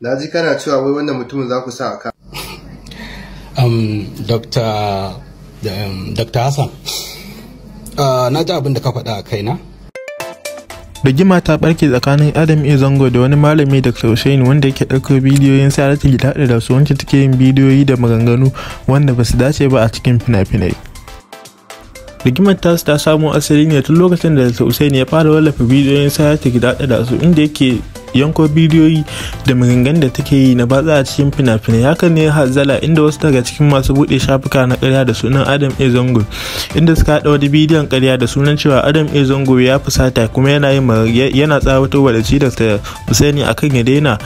na ji kana cewa wai wannan mutumin za ku sa a kan. um, dr um, hassan uh, na ji abin da ka faɗa a kaina rigima ta barke tsakanin adam e zango da wani malami da hussein wanda yake ɗauko bidiyoyin saratu gida da su wacce take yin bidiyoyi da maganganu wanda ba su dace ba a cikin fina-finai rigimar tasu ta samo asali ne tun lokacin da hussein ya fara wallafa bidiyoyin saratu gida da su inda yake yanko bidiyoyi da magangan da take yi na batsa a cikin fina-finai hakan ne hazala inda wasu daga cikin masu bude shafuka na karya da sunan adam a zango inda suka haɗa wani bidiyon karya da sunan cewa adam a zango ya fusata kuma yana yin yana tsawatarwa da cidar ta husaini akan ya daina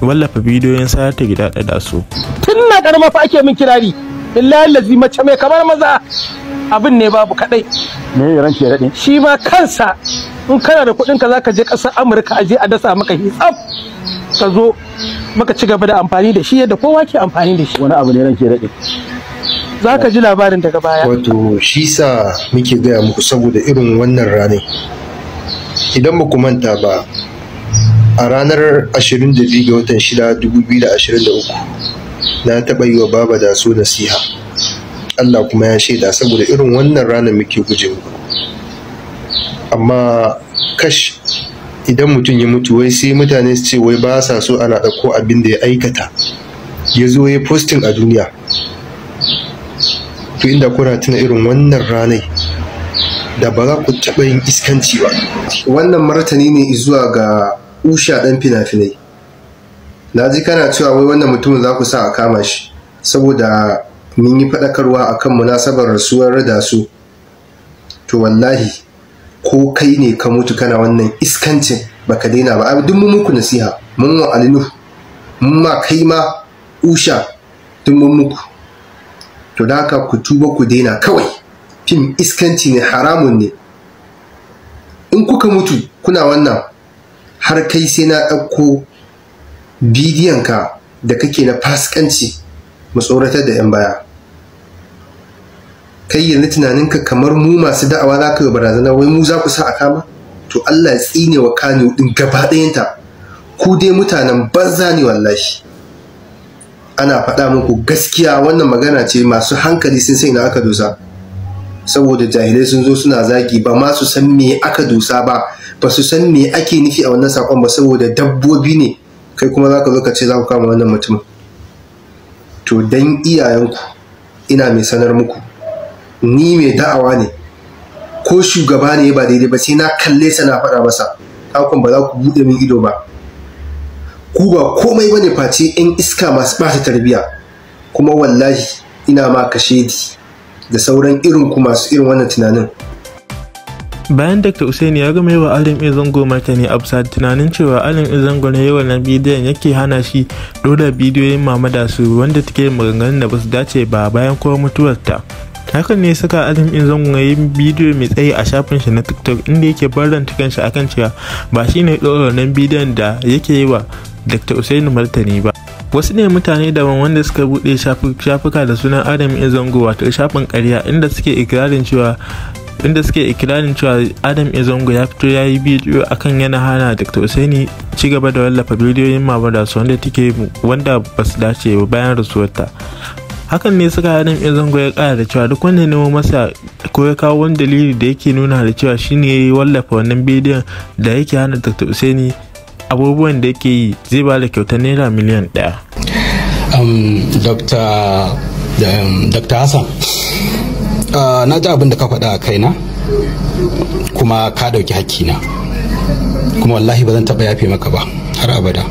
wallafa bidiyoyin sayar ta gida da su tun na karama ake min kirari billahi mai kamar maza abin ne babu kadai shi ma kansa in kana da kuɗin ka zaka je ƙasar amurka a je a dasa maka hitsaf ka zo maka ci gaba da amfani da shi yadda kowa ke amfani da shi wani abu ne ranke daɗe za ka ji labarin daga baya wato shi sa muke gaya muku saboda irin wannan rani. idan ba ku manta ba a ranar 22 ga watan 6 2023 na taɓa yi wa baba da so nasiha Allah kuma ya shaida saboda irin wannan ranar muke guje muku amma kash idan mutum ya mutu wai sai mutane su ce wai ba sa so ana ɗauko abin da ya aikata ya zo ya posting a duniya to inda kuna tuna irin wannan ranai da ba za ku taɓa yin iskanci ba wannan martani ne zuwa ga usha ɗan fina-finai na ji kana cewa wai wannan mutumin za ku sa a kama shi saboda mun yi faɗakarwa akan munasabar rasuwar da su to wallahi ko kai ne ka mutu kana wannan iskancin baka daina ba duk mun muku nasiha mun wa alinu mun ma kai ma usha duk mun muku to da haka ku tuba ku daina kawai fim iskanci ne haramun ne in kuka mutu kuna wannan har kai sai na ɗauko bidiyonka da kake na fasikanci mu tsoratar da 'yan baya kai yanzu tunaninka kamar mu masu da'awa za ka yi barazana wai mu za ku sa a kama to Allah ya tsine wa kanu din gaba ɗayanta ku dai mutanen banza ne wallahi ana faɗa muku gaskiya wannan magana ce masu hankali sun sai na aka dusa, saboda jahilai sun zo suna zagi ba ma su san me aka dusa ba ba su san me ake nufi a wannan sakon ba saboda dabbobi ne kai kuma za ka zo ka ce za ku kama wannan mutumin to dan iyayenku ina mai sanar muku ni mai da'awa ne ko shugaba ne ba daidai ba sai na kalle sa na faɗa masa takon ba za ku buɗe min ido ba ku ba komai bane face yan iska masu bata tarbiyya kuma wallahi ina ma kashedi da sauran irin ku masu irin wannan tunanin bayan dr usaini ya gama yawa alim izango martani absad tunanin cewa alim izango na yawa nan bidiyon yake hana shi dora bidiyoyin mamada su wanda take maganganun da ba su dace ba bayan kuma mutuwarta hakan ne suka azim in zango ya yi bidiyo mai tsayi a shafin shi na tiktok inda yake barranta kanshi akan cewa ba shi ne ɗora bidiyon da yake yi wa dr usainu martani ba wasu ne mutane daban wanda suka buɗe shafuka da sunan adam izango wato shafin karya inda suke ikirarin cewa inda suke ikirarin cewa adam izango ya fito ya yi bidiyo akan yana hana dr usaini ci gaba da wallafa bidiyoyin mamada su wanda take wanda ba su dace bayan rasuwarta hakan ne suka ya zango ya kara da cewa duk wanda nemo masa ko ya kawo wani dalili da yake nuna da cewa shine ya wallafa wannan bidiyon da yake hana dr usaini abubuwan da yake yi zai ba da kyautar naira miliyan daya dr hassan na ji abin da ka faɗa a kaina kuma ka ɗauki hakkina kuma wallahi ba zan taɓa yafe maka ba har abada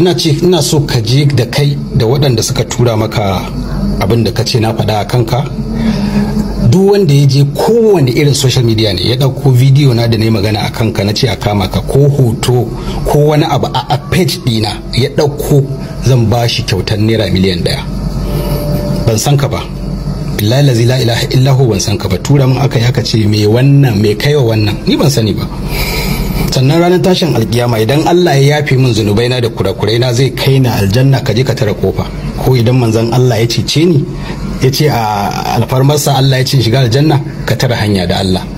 ina ce ina so ka je da kai da waɗanda suka tura maka abin da ka ce na faɗa a kanka duk wanda ya je kowane irin social media ne ya ɗauko bidiyo na da na yi magana a kanka na ce a kama ka ko hoto ko wani abu a page ɗina ya ɗauko zan ba shi kyautar naira miliyan ɗaya ban san ka ba billahi la ilaha illahu ban san ka ba tura min aka yi aka ce me wannan me kaiwa wannan ni ban sani ba sannan ranar tashin alkiyama idan Allah ya yafe min zunubai na da kurakurai na zai kai na aljanna ka je ka tara kofa ko idan manzon Allah ya cece ni ya ce a alfarmarsa Allah ya ce shiga aljanna ka tara hanya da Allah